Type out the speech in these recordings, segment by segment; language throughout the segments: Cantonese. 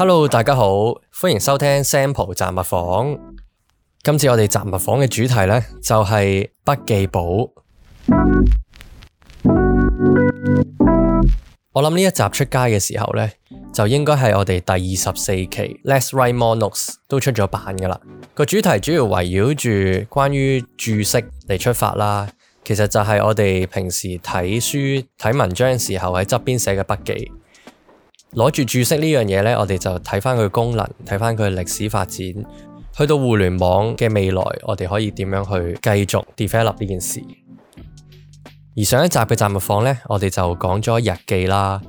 Hello，大家好，歡迎收聽 Sample 雜物房。今次我哋雜物房嘅主題呢，就係筆記簿。 我諗呢一集出街嘅時候呢，就應該係我哋第二十四期，Let’s Write More Notes，都出咗版噶啦。個主題主要圍繞住關於注釋嚟出發啦。其實就係我哋平時睇書睇文章嘅時候喺側邊寫嘅筆記。攞住注釋呢樣嘢呢，我哋就睇翻佢功能，睇翻佢歷史發展，去到互聯網嘅未來，我哋可以點樣去繼續 develop 呢件事。而上一集嘅雜物房呢，我哋就講咗日記啦，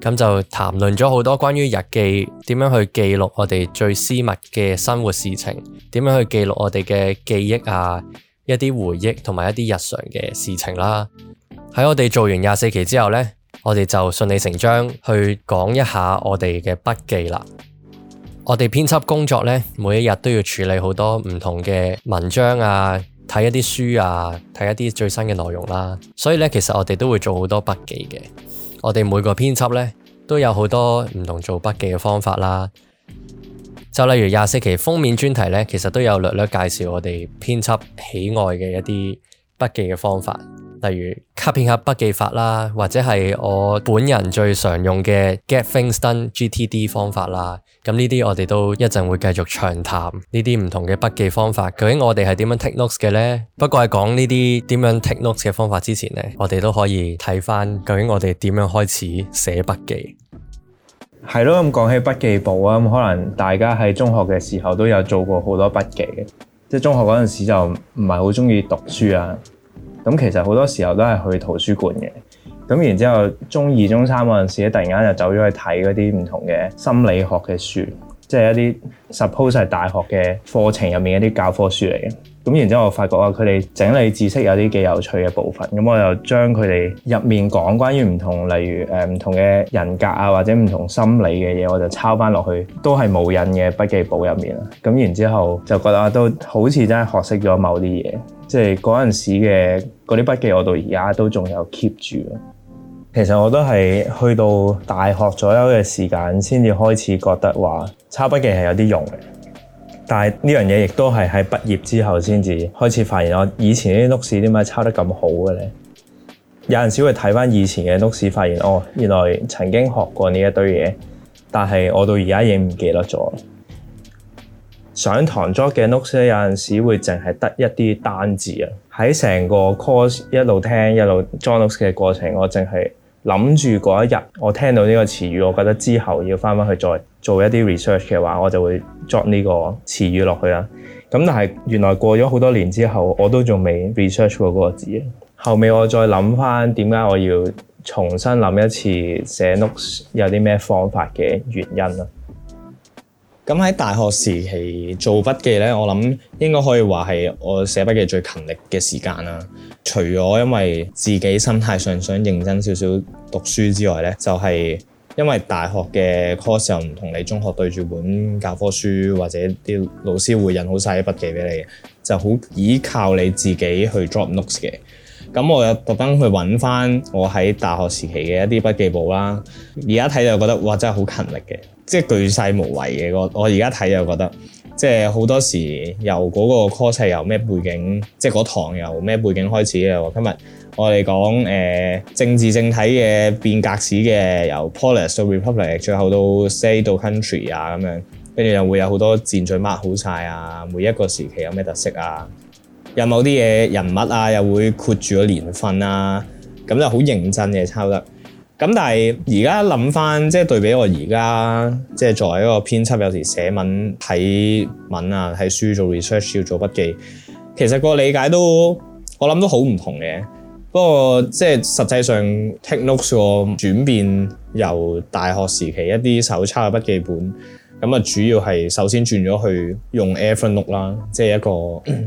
咁就談論咗好多關於日記，點樣去記錄我哋最私密嘅生活事情，點樣去記錄我哋嘅記憶啊，一啲回憶同埋一啲日常嘅事情啦。喺我哋做完廿四期之後呢。我哋就順理成章去講一下我哋嘅筆記啦。我哋編輯工作呢，每一日都要處理好多唔同嘅文章啊，睇一啲書啊，睇一啲最新嘅內容啦。所以呢，其實我哋都會做好多筆記嘅。我哋每個編輯呢，都有好多唔同做筆記嘅方法啦。就例如廿四期封面專題呢，其實都有略略介紹我哋編輯喜愛嘅一啲筆記嘅方法。例如卡片盒筆記法啦，或者係我本人最常用嘅 Get Things Done（GTD） 方法啦。咁呢啲我哋都一陣會，會繼續長談呢啲唔同嘅筆記方法。究竟我哋係點樣 take notes 嘅咧？不過係講呢啲點樣 take notes 嘅方法之前咧，我哋都可以睇翻究竟我哋點樣開始寫筆記。係咯，咁講起筆記簿啊，咁可能大家喺中學嘅時候都有做過好多筆記嘅，即係中學嗰陣時就唔係好中意讀書啊。咁其實好多時候都係去圖書館嘅，咁然之後中二中三嗰陣時咧，突然間就走咗去睇嗰啲唔同嘅心理學嘅書，即係一啲 suppose 係大學嘅課程入面一啲教科書嚟嘅。咁然之後，我發覺啊，佢哋整理知識有啲幾有趣嘅部分。咁我就將佢哋入面講關於唔同，例如誒唔同嘅人格啊，或者唔同心理嘅嘢，我就抄翻落去，都係無印嘅筆記簿入面啦。咁然之後就覺得啊，都好似真係學識咗某啲嘢。即係嗰陣時嘅嗰啲筆記，我到而家都仲有 keep 住。其實我都係去到大學左右嘅時間，先至開始覺得話抄筆記係有啲用嘅。但係呢樣嘢亦都係喺畢業之後先至開始發現，我以前啲 notes 點解抄得咁好嘅咧？有陣時會睇返以前嘅 notes，發現哦，原來曾經學過呢一堆嘢，但係我到而家已經唔記得咗。上堂 join 嘅 notes 有陣時會淨係得一啲單字啊！喺成個 course 一路聽一路 join notes 嘅過程，我淨係。諗住嗰一日，我聽到呢個詞語，我覺得之後要翻翻去再做一啲 research 嘅話，我就會 drop 呢個詞語落去啦。咁但係原來過咗好多年之後，我都仲未 research 過嗰個字啊。後尾我再諗翻點解我要重新諗一次寫 notes 有啲咩方法嘅原因啦。咁喺大學時期做筆記呢，我諗應該可以話係我寫筆記最勤力嘅時間啦。除咗因為自己心態上想認真少少讀書之外呢，就係因為大學嘅 course 又唔同，你中學對住本教科書或者啲老師會印好晒啲筆記俾你，就好依靠你自己去 drop notes 嘅。咁我又特登去揾翻我喺大學時期嘅一啲筆記簿啦，而家睇就覺得哇，真係好勤力嘅。即係巨細無遺嘅，我我而家睇就覺得，即係好多時由嗰個 course 係由咩背景，即係嗰堂由咩背景開始嘅。今日我哋講誒、呃、政治政體嘅變革史嘅，由 politics to republic，最後到 state 到 country 啊，咁樣，跟住又會有多戰好多字句 mark 好晒啊，每一個時期有咩特色啊，有某啲嘢人物啊，又會括住個年份啊，咁就好認真嘅抄得。差咁但係而家諗翻，即係對比我而家即係作為一個編輯，有時寫文睇文啊，睇書做 research 要做筆記，其實個理解都我諗都好唔同嘅。不過即係實際上，take notes 轉變由大學時期一啲手抄嘅筆記本，咁啊主要係首先轉咗去用 Evernote 啦，即係一個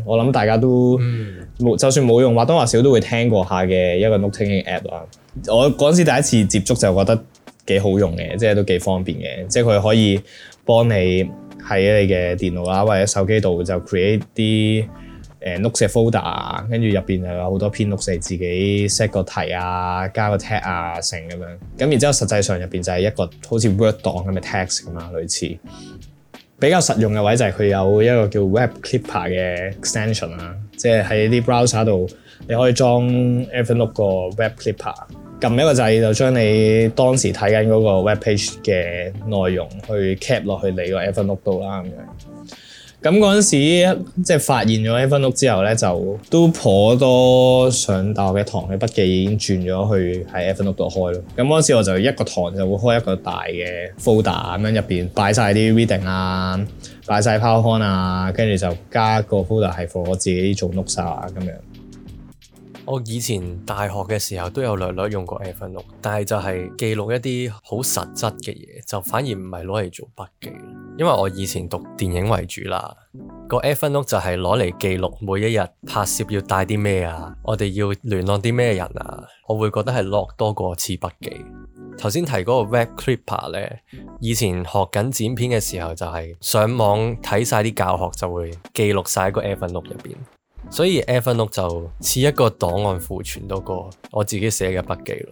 我諗大家都冇 就算冇用，或多或少都會聽過下嘅一個 note-taking app 啦。我嗰陣時第一次接觸就覺得幾好用嘅，即係都幾方便嘅。即係佢可以幫你喺你嘅電腦啦，或者手機度就 create 啲誒 note 嘅 folder，啊。跟住入邊就有好多篇 note 嚟自己 set 個題啊、加個 tag 啊、成咁樣。咁然之後實際上入邊就係一個好似 word 檔咁嘅 text 咁啊，類似比較實用嘅位就係佢有一個叫 Web Clipper 嘅 extension 啊，即係喺啲 browser 度你可以裝 Evernote 個 Web Clipper。撳一個掣就將你當時睇緊嗰個 web page 嘅內容去 cap 落去你個 Evernote 度啦咁樣。咁嗰陣時即係發現咗 Evernote 之後咧，就都頗多上大學嘅堂嘅筆記已經轉咗去喺 Evernote 度開咯。咁嗰陣時我就一個堂就會開一個大嘅 folder 咁樣，入邊擺晒啲 reading 啊，擺晒 powerpoint 啊，跟住就加一個 folder 係 for 我自己做 note 下咁樣。我以前大學嘅時候都有略略用過 Evernote、e、但係就係記錄一啲好實質嘅嘢，就反而唔係攞嚟做筆記。因為我以前讀電影為主啦，個 Evernote、e、就係攞嚟記錄每一日拍攝要帶啲咩啊，我哋要聯絡啲咩人啊，我會覺得係落多過次筆記。頭先提嗰個 Web Clipper 咧，以前學緊剪片嘅時候就係上網睇晒啲教學就會記錄晒喺個 Evernote、e、入邊。所以 Evernote 就似一個檔案庫存多過我自己寫嘅筆記咯。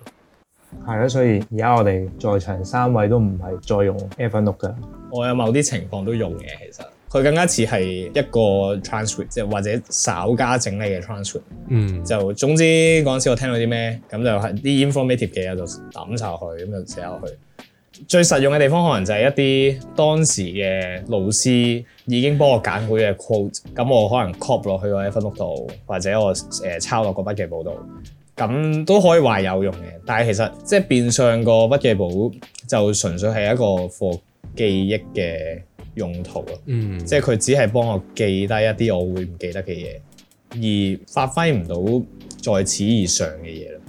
係咯，所以而家我哋在場三位都唔係再用 Evernote 噶。我有某啲情況都用嘅，其實佢更加似係一個 transcript，即係或者稍加整理嘅 transcript。嗯，就總之嗰陣時我聽到啲咩，咁就係啲 informative 嘅就抌晒佢，咁就寫落去。最實用嘅地方可能就係一啲當時嘅老師已經幫我揀好嘅 quote，咁我可能 copy 落去我一分屋度，或者我誒抄落個筆記簿度，咁都可以話有用嘅。但係其實即係、就是、變相個筆記簿就純粹係一個課記憶嘅用途咯，即係佢只係幫我記低一啲我會唔記得嘅嘢，而發揮唔到在此以上嘅嘢咯。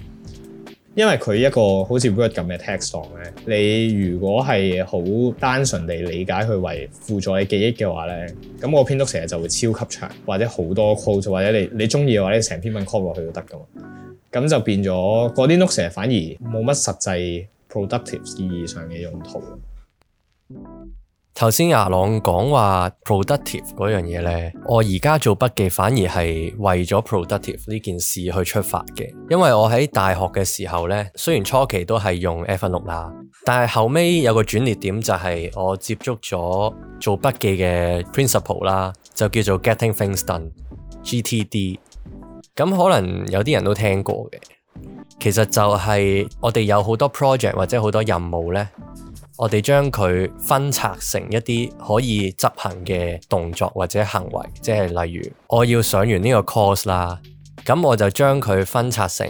因為佢一個好似 note 咁嘅 text 檔咧，你如果係好單純地理解佢為輔助嘅記憶嘅話咧，咁個編 note 成日就會超級長，或者好多 quote 或者你你中意嘅話，你成篇文 copy 落去都得噶嘛。咁就變咗嗰啲 note 成日反而冇乜實際 productive 意義上嘅用途。頭先阿朗講話 productive 嗰樣嘢呢，我而家做筆記反而係為咗 productive 呢件事去出發嘅，因為我喺大學嘅時候呢，雖然初期都係用 iPhone 六啦，但係後尾有個轉捩點就係我接觸咗做筆記嘅 principle 啦，就叫做 Getting Things Done（GTD）。咁可能有啲人都聽過嘅，其實就係我哋有好多 project 或者好多任務呢。我哋將佢分拆成一啲可以執行嘅動作或者行為，即係例如我要上完呢個 course 啦，咁我就將佢分拆成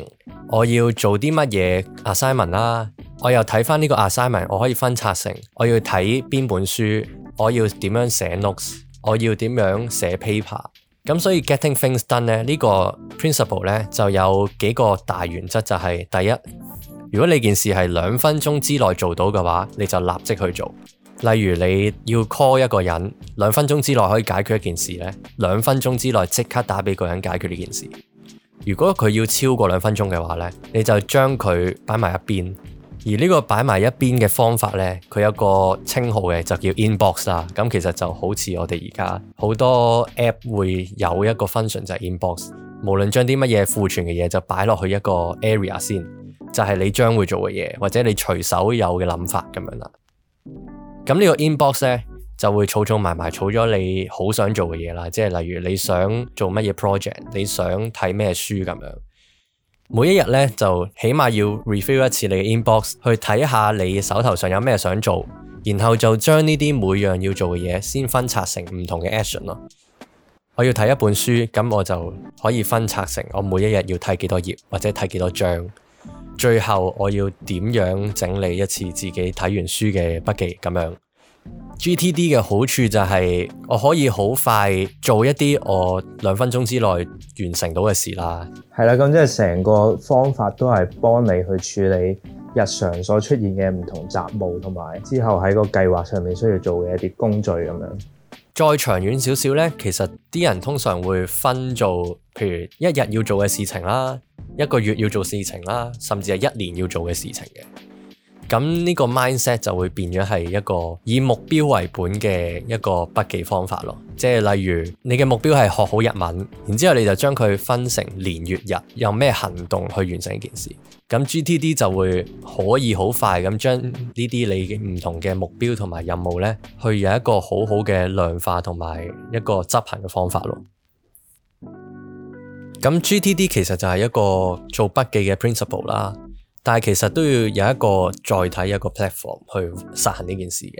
我要做啲乜嘢 assignment 啦，我又睇翻呢個 assignment，我可以分拆成我要睇邊本書，我要點樣寫 notes，我要點樣寫 paper。咁所以 Getting things done 咧，呢個 principle 咧就有幾個大原則，就係第一。如果你件事係兩分鐘之內做到嘅話，你就立即去做。例如你要 call 一個人，兩分鐘之內可以解決一件事呢，兩分鐘之內即刻打俾個人解決呢件事。如果佢要超過兩分鐘嘅話呢，你就將佢擺埋一邊。而呢個擺埋一邊嘅方法呢，佢有一個稱號嘅就叫 inbox 啦。咁其實就好似我哋而家好多 app 會有一個 function 就係 inbox，無論將啲乜嘢庫存嘅嘢就擺落去一個 area 先。就係你將會做嘅嘢，或者你隨手有嘅諗法咁樣啦。咁呢個 inbox 呢，就會儲儲埋埋儲咗你好想做嘅嘢啦，即係例如你想做乜嘢 project，你想睇咩書咁樣。每一日呢，就起碼要 review 一次你嘅 inbox，去睇下你手頭上有咩想做，然後就將呢啲每樣要做嘅嘢先分拆成唔同嘅 action 咯。我要睇一本書，咁我就可以分拆成我每一日要睇幾多頁或者睇幾多章。最後我要點樣整理一次自己睇完書嘅筆記咁樣？GTD 嘅好處就係我可以好快做一啲我兩分鐘之內完成到嘅事啦。係啦，咁即係成個方法都係幫你去處理日常所出現嘅唔同雜務，同埋之後喺個計劃上面需要做嘅一啲工序。咁樣。再長遠少少呢，其實啲人通常會分做，譬如一日要做嘅事情啦。一個月要做事情啦，甚至係一年要做嘅事情嘅。咁呢個 mindset 就會變咗係一個以目標為本嘅一個筆記方法咯。即係例如你嘅目標係學好日文，然之後你就將佢分成年、月、日，用咩行動去完成一件事。咁 GTD 就會可以好快咁將呢啲你嘅唔同嘅目標同埋任務呢，去有一個好好嘅量化同埋一個執行嘅方法咯。咁 GTD 其實就係一個做筆記嘅 principle 啦，但係其實都要有一個載體，一個 platform 去實行呢件事嘅。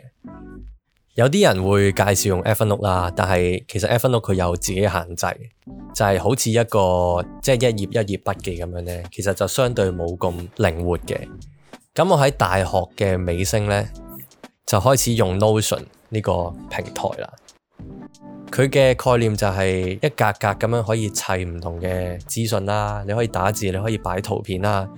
有啲人會介紹用 Evernote 啦，但係其實 Evernote 佢有自己限制，就係、是、好似一個即係、就是、一頁一頁筆記咁樣咧，其實就相對冇咁靈活嘅。咁我喺大學嘅尾聲咧，就開始用 Notion 呢個平台啦。佢嘅概念就係一格格咁樣可以砌唔同嘅資訊啦，你可以打字，你可以擺圖片啦。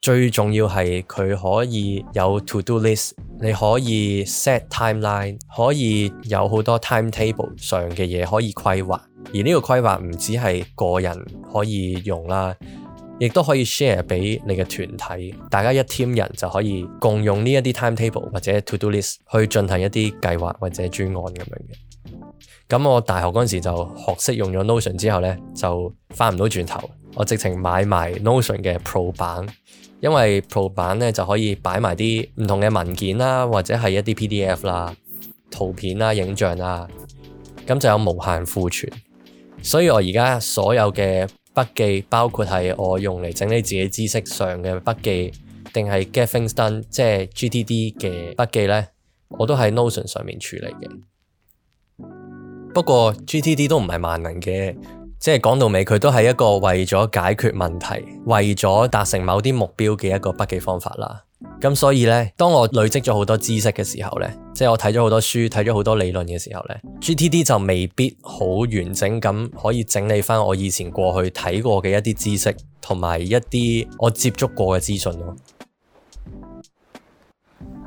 最重要係佢可以有 to do list，你可以 set timeline，可以有好多 timetable 上嘅嘢可以規劃。而呢個規劃唔只係個人可以用啦，亦都可以 share 俾你嘅團體，大家一 team 人就可以共用呢一啲 timetable 或者 to do list 去進行一啲計劃或者專案咁樣嘅。咁我大學嗰陣時就學識用咗 Notion 之後咧，就翻唔到轉頭。我直情買埋 Notion 嘅 Pro 版，因為 Pro 版咧就可以擺埋啲唔同嘅文件啦，或者係一啲 PDF 啦、圖片啦、影像啊，咁就有無限儲存。所以我而家所有嘅筆記，包括係我用嚟整理自己知識上嘅筆記，定係 Gatfingston 即係 GTD 嘅筆記咧，我都喺 Notion 上面處理嘅。不過 GTD 都唔係萬能嘅，即係講到尾，佢都係一個為咗解決問題、為咗達成某啲目標嘅一個筆記方法啦。咁所以呢，當我累積咗好多知識嘅時候呢，即係我睇咗好多書、睇咗好多理論嘅時候呢，GTD 就未必好完整咁可以整理翻我以前過去睇過嘅一啲知識，同埋一啲我接觸過嘅資訊咯。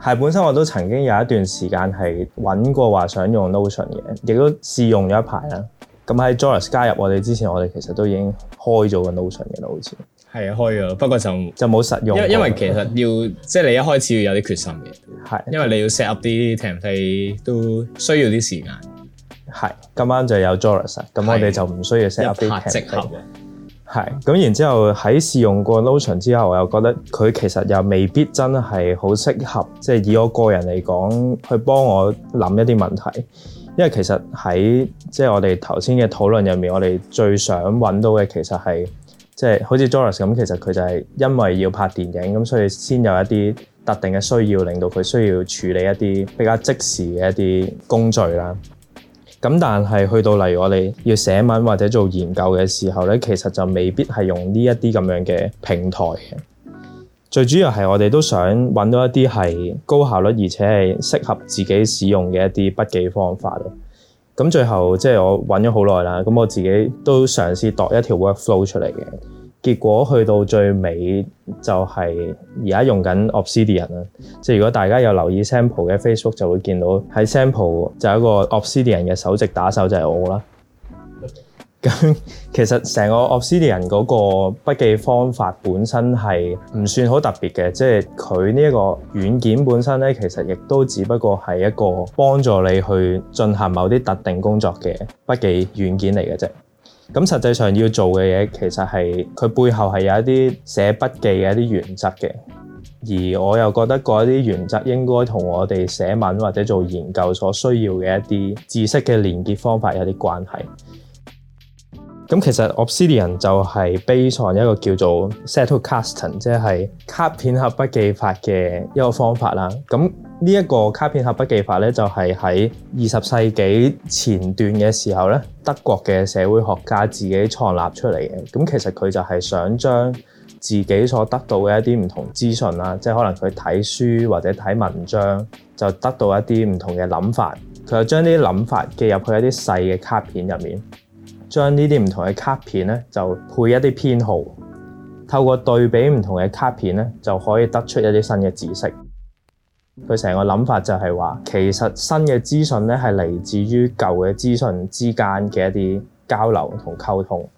係本身我都曾經有一段時間係揾過話想用 Notion 嘅，亦都試用咗一排啦。咁喺 Joris 加入我哋之前，我哋其實都已經開咗個 Notion 嘅啦，好似係啊，開咗，不過就就冇實用。因為因為其實要即係、就是、你一開始要有啲決心嘅，係是因為你要 set up 啲 template 都需要啲時間。係今晚就有 Joris 啦，咁我哋就唔需要 set up 啲是 template。一拍即合。係，咁然之後喺試用過 Notion 之後，我又覺得佢其實又未必真係好適合，即係以我個人嚟講，去幫我諗一啲問題。因為其實喺即係我哋頭先嘅討論入面，我哋最想揾到嘅其實係，即係好似 Joris 咁，其實佢就係因為要拍電影咁，所以先有一啲特定嘅需要，令到佢需要處理一啲比較即時嘅一啲工序啦。咁但係去到例如我哋要寫文或者做研究嘅時候咧，其實就未必係用呢一啲咁樣嘅平台。最主要係我哋都想揾到一啲係高效率而且係適合自己使用嘅一啲筆記方法咯。咁最後即係、就是、我揾咗好耐啦，咁我自己都嘗試度一條 workflow 出嚟嘅。結果去到最尾就係而家用緊 Obsidian 啦，即係如果大家有留意 Sample 嘅 Facebook 就會見到喺 Sample 就有一個 Obsidian 嘅首席打手就係我啦。咁 其實成個 Obsidian 嗰個筆記方法本身係唔算好特別嘅，即係佢呢一個軟件本身咧，其實亦都只不過係一個幫助你去進行某啲特定工作嘅筆記軟件嚟嘅啫。咁實際上要做嘅嘢，其實係佢背後係有一啲寫筆記嘅一啲原則嘅，而我又覺得嗰啲原則應該同我哋寫文或者做研究所需要嘅一啲知識嘅連結方法有啲關係。咁其實 Obsidian 就係 base on 一個叫做 Zettelkasten，即係卡片盒筆記法嘅一個方法啦。咁呢一個卡片盒筆記法咧，就係喺二十世紀前段嘅時候咧，德國嘅社會學家自己創立出嚟嘅。咁其實佢就係想將自己所得到嘅一啲唔同資訊啦，即係可能佢睇書或者睇文章，就得到一啲唔同嘅諗法，佢就將啲諗法記入去一啲細嘅卡片入面。將呢啲唔同嘅卡片咧，就配一啲編號。透過對比唔同嘅卡片咧，就可以得出一啲新嘅知識。佢成個諗法就係話，其實新嘅資訊咧係嚟自於舊嘅資訊之間嘅一啲交流同溝通。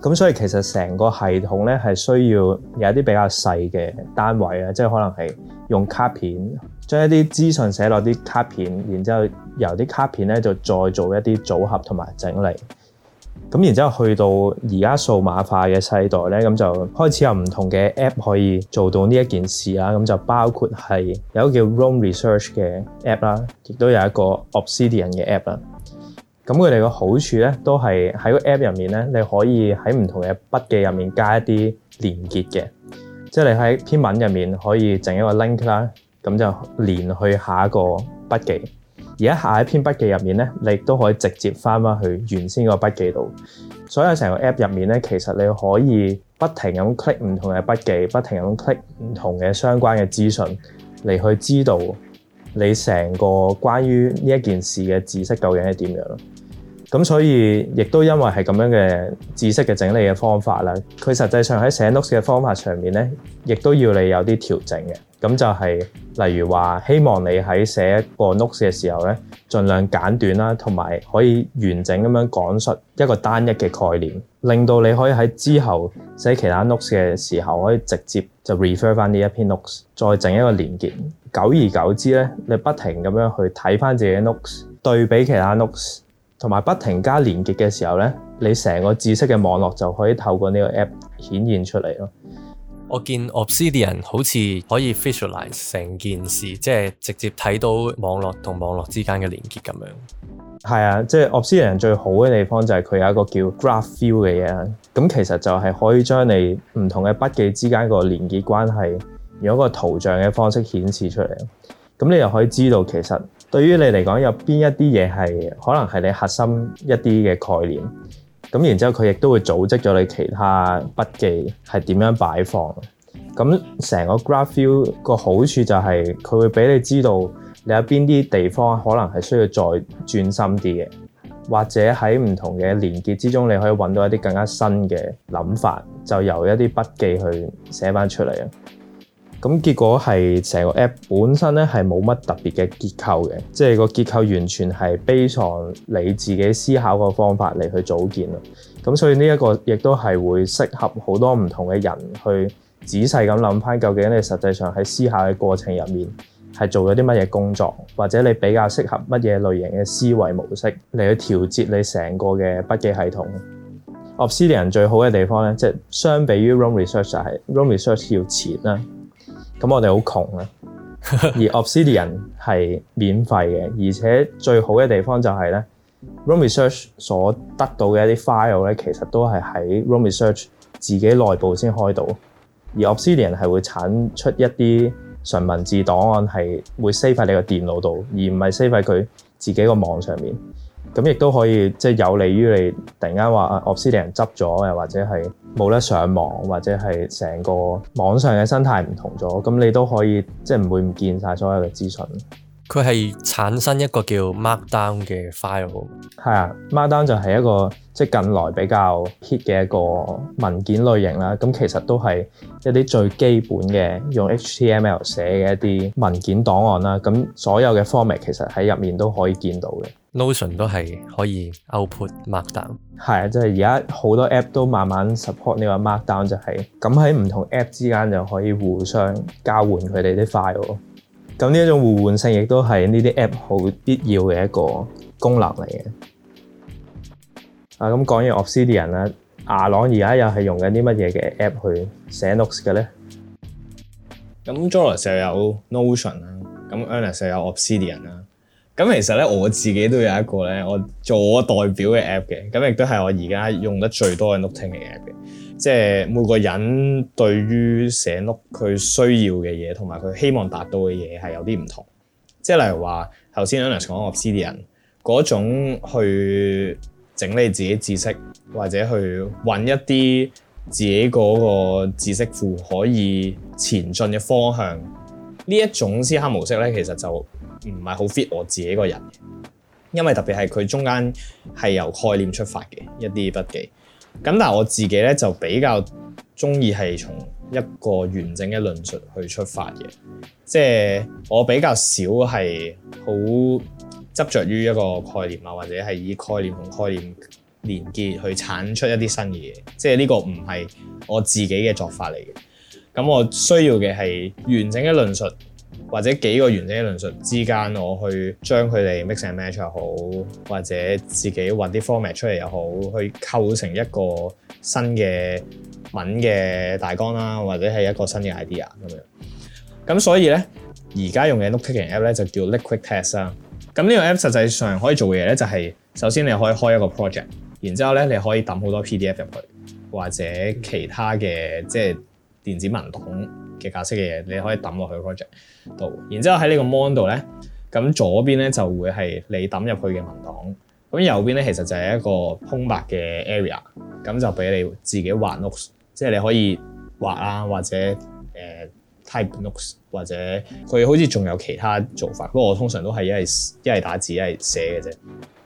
咁所以其實成個系統咧係需要有一啲比較細嘅單位啊，即係可能係用卡片將一啲資訊寫落啲卡片，然之後由啲卡片咧就再做一啲組合同埋整理。咁然之後去到而家數碼化嘅世代咧，咁就開始有唔同嘅 App 可以做到呢一件事啦。咁就包括係有一個叫 Roam Research 嘅 App 啦，亦都有一個 Obsidian 嘅 App 啦。咁佢哋嘅好處咧，都係喺個 App 入面咧，你可以喺唔同嘅筆記入面加一啲連結嘅，即係你喺篇文入面可以整一個 link 啦，咁就連去下一個筆記。而家下一篇筆記入面咧，你亦都可以直接翻翻去原先個筆記度。所以喺成個 App 入面咧，其實你可以不停咁 click 唔同嘅筆記，不停咁 click 唔同嘅相關嘅資訊，嚟去知道你成個關於呢一件事嘅知識究竟係點樣咯。咁所以亦都因為係咁樣嘅知識嘅整理嘅方法啦，佢實際上喺寫 notes 嘅方法上面咧，亦都要你有啲調整嘅。咁就係，例如話，希望你喺寫一個 notes 嘅時候咧，盡量簡短啦，同埋可以完整咁樣講述一個單一嘅概念，令到你可以喺之後寫其他 notes 嘅時候可以直接就 refer 翻呢一篇 notes，再整一個連結。久而久之咧，你不停咁樣去睇翻自己嘅 notes，對比其他 notes，同埋不停加連結嘅時候咧，你成個知識嘅網絡就可以透過呢個 app 顯現出嚟咯。我見 Obsidian 好似可以 visualize 成件事，即係直接睇到網絡同網絡之間嘅連結咁樣。係啊，即係 Obsidian 最好嘅地方就係佢有一個叫 Graph View 嘅嘢，咁其實就係可以將你唔同嘅筆記之間個連結關係，用一個圖像嘅方式顯示出嚟。咁你又可以知道，其實對於你嚟講，有邊一啲嘢係可能係你核心一啲嘅概念。咁然之後，佢亦都會組織咗你其他筆記係點樣擺放。咁成個 Graph View 個好處就係佢會俾你知道你有邊啲地方可能係需要再專心啲嘅，或者喺唔同嘅連結之中，你可以揾到一啲更加新嘅諗法，就由一啲筆記去寫翻出嚟啊。咁結果係成個 app 本身咧，係冇乜特別嘅結構嘅，即係個結構完全係悲 a 你自己思考個方法嚟去組建，咁所以呢一個亦都係會適合好多唔同嘅人去仔細咁諗翻，究竟你實際上喺思考嘅過程入面係做咗啲乜嘢工作，或者你比較適合乜嘢類型嘅思維模式嚟去調節你成個嘅筆記系統。Obsidian 最好嘅地方咧，即係相比於 Room Research 就係 Room Research 要錢啦。咁我哋好窮啊。而 Obsidian 係免費嘅，而且最好嘅地方就係咧，Roam Research 所得到嘅一啲 file 咧，其實都係喺 Roam Research 自己內部先開到，而 Obsidian 係會產出一啲純文字檔案，係會 save 喺你個電腦度，而唔係 save 喺佢自己個網上面。咁亦都可以即係、就是、有利於你突然間話 Obsidian 執咗，又或者係冇得上網，或者係成個網上嘅生態唔同咗，咁你都可以即係唔會唔見晒所有嘅資訊。佢係產生一個叫 Markdown 嘅 file。係啊，Markdown 就係一個、即係、近來比較 hit 嘅一個文件類型啦。咁其實都係一啲最基本嘅用 HTML 寫嘅一啲文件檔案啦。咁所有嘅 format 其實喺入面都可以見到嘅。Notion 都係可以 output Markdown。係啊，即係而家好多 app 都慢慢 support 呢個 Markdown，就係咁喺唔同 app 之間就可以互相交換佢哋啲 file。咁呢一種互換性亦都係呢啲 app 好必要嘅一個功能嚟嘅。啊，咁講完 Obsidian 啦，阿朗而家又係用緊啲乜嘢嘅 app 去寫 notes 嘅咧？咁 Joris 又有 Notion 啦、er，咁 Ernest 又有 Obsidian 啦。咁其實咧我自己都有一個咧，我做我代表嘅 app 嘅，咁亦都係我而家用得最多嘅 noting 嘅 app 嘅。即係每個人對於寫 note 佢需要嘅嘢，同埋佢希望達到嘅嘢係有啲唔同。即係例如話，頭先 Universe 講 Obsidian 嗰種去整理自己知識，或者去揾一啲自己嗰個知識庫可以前進嘅方向，呢一種思考模式咧，其實就唔係好 fit 我自己個人，因為特別係佢中間係由概念出發嘅一啲筆記。咁但係我自己咧就比較中意係從一個完整嘅論述去出發嘅，即係我比較少係好執着於一個概念啊，或者係以概念同概念連結去產出一啲新嘢，即係呢個唔係我自己嘅作法嚟嘅。咁我需要嘅係完整嘅論述。或者幾個完整嘅論述之間，我去將佢哋 mix and match 又好，或者自己揾啲 format 出嚟又好，去構成一個新嘅文嘅大綱啦，或者係一個新嘅 idea 咁樣。咁所以咧，而家用嘅 note taking app 咧就叫 Liquid Text 啦。咁呢個 app 實際上可以做嘅嘢咧就係，首先你可以開一個 project，然之後咧你可以揼好多 PDF 入去，或者其他嘅即係，電子文檔嘅格式嘅嘢，你可以抌落去 project 度，然之後喺呢個 model 咧，咁左邊咧就會係你抌入去嘅文檔，咁右邊咧其實就係一個空白嘅 area，咁就俾你自己畫 notes，即係你可以畫啊，或者誒、呃、type notes，或者佢好似仲有其他做法，不過我通常都係一係一係打字一係寫嘅啫。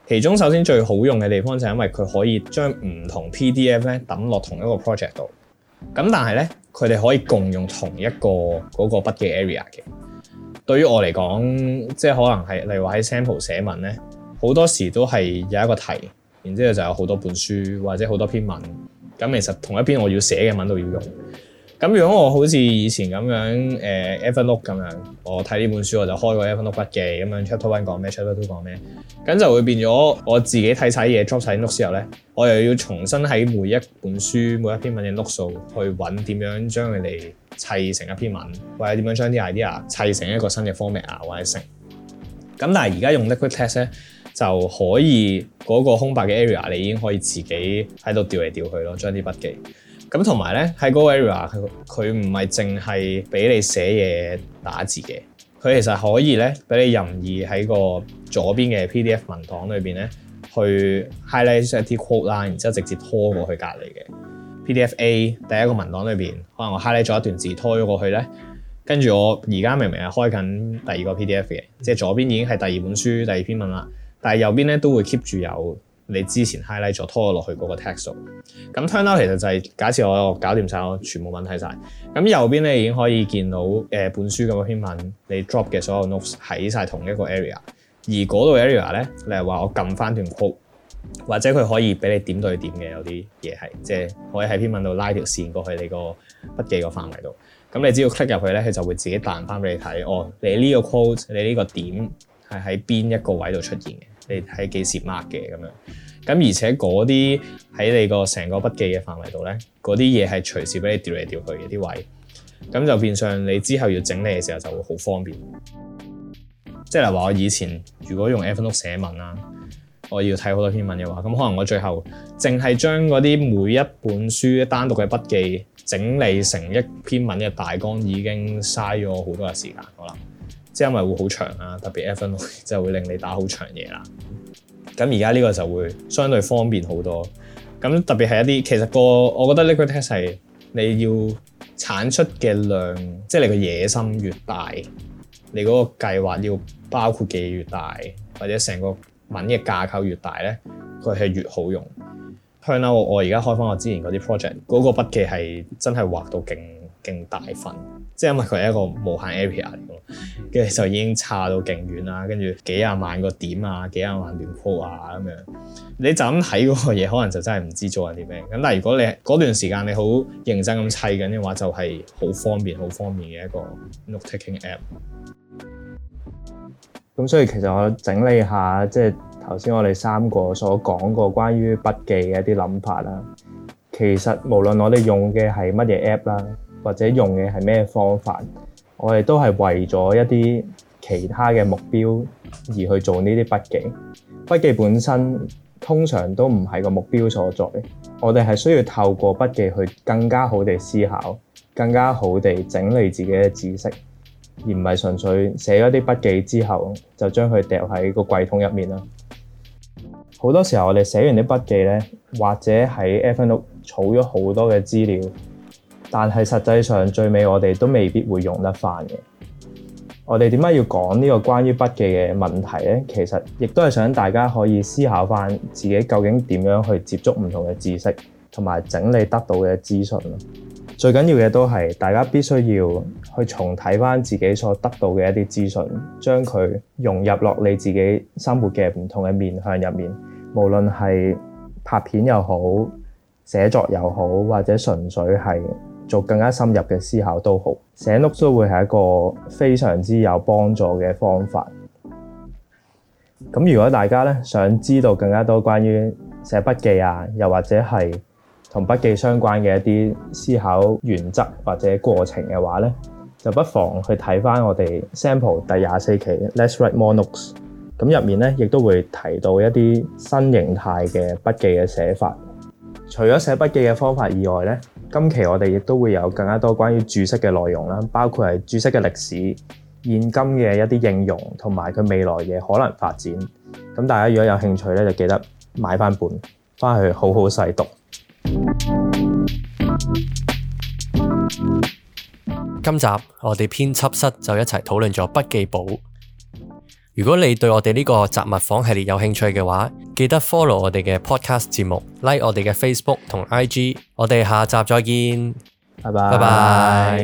其中首先最好用嘅地方就係因為佢可以將唔同 PDF 咧抌落同一個 project 度。咁但係咧，佢哋可以共用同一個嗰個筆嘅 area 嘅。對於我嚟講，即係可能係例如話喺 sample 寫文咧，好多時都係有一個題，然之後就有好多本書或者好多篇文。咁其實同一篇我要寫嘅文都要用。咁如果我好似以前咁樣，誒、欸、Evernote 咁樣，我睇呢本書我就開個 Evernote 筆記，咁樣 chapter one 講咩 chapter two 講咩，咁就會變咗我自己睇晒嘢，抓曬啲 note 之後咧，我又要重新喺每一本書、每一篇文嘅 note 數去揾點樣將佢哋砌成一篇文，或者點樣將啲 idea 砌成一個新嘅 format 啊，或者成。咁但係而家用 Liquid Text 咧，就可以嗰個空白嘅 area 你已經可以自己喺度調嚟調去咯，將啲筆記。咁同埋咧，喺嗰個 Area 佢唔係淨係俾你寫嘢打字嘅，佢其實可以咧俾你任意喺個左邊嘅 PDF 文檔裏邊咧，去 highlight 一啲 quote 啦，然之後直接拖過去隔離嘅 PDF A 第一個文檔裏邊，可能我 highlight 咗一段字拖咗過去咧，跟住我而家明明係開緊第二個 PDF 嘅，即係左邊已經係第二本書第二篇文啦，但係右邊咧都會 keep 住有。你之前 highlight 咗拖落去嗰個 text 咁 turn out 其實就係、是、假設我搞掂晒我全部問題晒。咁右邊咧已經可以見到誒、呃、本書咁嘅篇文，你 drop 嘅所有 notes 喺晒同一個 area，而嗰度 area 咧，你係話我撳翻段 quote 或者佢可以俾你點對點嘅有啲嘢係，即係可以喺篇文度拉條線過去你個筆記個範圍度，咁你只要 click 入去咧，佢就會自己彈翻俾你睇，哦，你呢個 quote 你呢個點係喺邊一個位度出現嘅。你睇幾時 mark 嘅咁樣，咁而且嗰啲喺你個成個筆記嘅範圍度咧，嗰啲嘢係隨時俾你調嚟調去嘅啲位，咁就變相你之後要整理嘅時候就會好方便。即係話我以前如果用 Evernote 寫文啦，我要睇好多篇文嘅話，咁可能我最後淨係將嗰啲每一本書單獨嘅筆記整理成一篇文嘅大綱，已經嘥咗好多嘅時間，好啦。即之因咪會好長啊，特別 f p 就會令你打好長嘢啦。咁而家呢個就會相對方便好多。咁特別係一啲，其實、那個我覺得呢句 test 係你要產出嘅量，即、就、係、是、你個野心越大，你嗰個計劃要包括嘅越大，或者成個文嘅架構越大咧，佢係越好用。香優，我而家開翻我之前嗰啲 project，嗰個筆記係真係畫到勁勁大份。即係因為佢係一個無限 area 嚟㗎，跟住就已經差到勁遠啦，跟住幾廿萬個點啊，幾廿萬段鋪啊咁樣，你就咁睇嗰個嘢，可能就真係唔知做緊啲咩。咁但係如果你嗰段時間你好認真咁砌緊嘅話，就係、是、好方便、好方便嘅一個 note-taking app。咁所以其實我整理下，即係頭先我哋三個所講過關於筆記嘅一啲諗法啦。其實無論我哋用嘅係乜嘢 app 啦，或者用嘅係咩方法，我哋都係為咗一啲其他嘅目標而去做呢啲筆記。筆記本身通常都唔係個目標所在，我哋係需要透過筆記去更加好地思考，更加好地整理自己嘅知識，而唔係純粹寫咗啲筆記之後就將佢掉喺個櫃桶入面啦。好多時候我哋寫完啲筆記呢，或者喺 Evernote 儲咗好多嘅資料。但係實際上最尾我哋都未必會用得翻嘅。我哋點解要講呢個關於筆記嘅問題呢？其實亦都係想大家可以思考翻自己究竟點樣去接觸唔同嘅知識，同埋整理得到嘅資訊。最緊要嘅都係大家必須要去重睇翻自己所得到嘅一啲資訊，將佢融入落你自己生活嘅唔同嘅面向入面。無論係拍片又好，寫作又好，或者純粹係做更加深入嘅思考都好，寫 note 都會係一個非常之有幫助嘅方法。咁如果大家咧想知道更加多關於寫筆記啊，又或者係同筆記相關嘅一啲思考原則或者過程嘅話咧，就不妨去睇翻我哋 sample 第廿四期 Let's Write More Notes。咁入面咧亦都會提到一啲新形態嘅筆記嘅寫法。除咗寫筆記嘅方法以外咧，今期我哋亦都會有更加多關於注釋嘅內容啦，包括係注釋嘅歷史、現今嘅一啲應用，同埋佢未來嘅可能發展。咁大家如果有興趣呢，就記得買返本，返去好好細讀。今集我哋編輯室就一齊討論咗筆記簿。如果你對我哋呢個雜物房系列有興趣嘅話，記得 follow 我哋嘅 podcast 節目，like 我哋嘅 Facebook 同 IG，我哋下集再見，拜拜拜拜。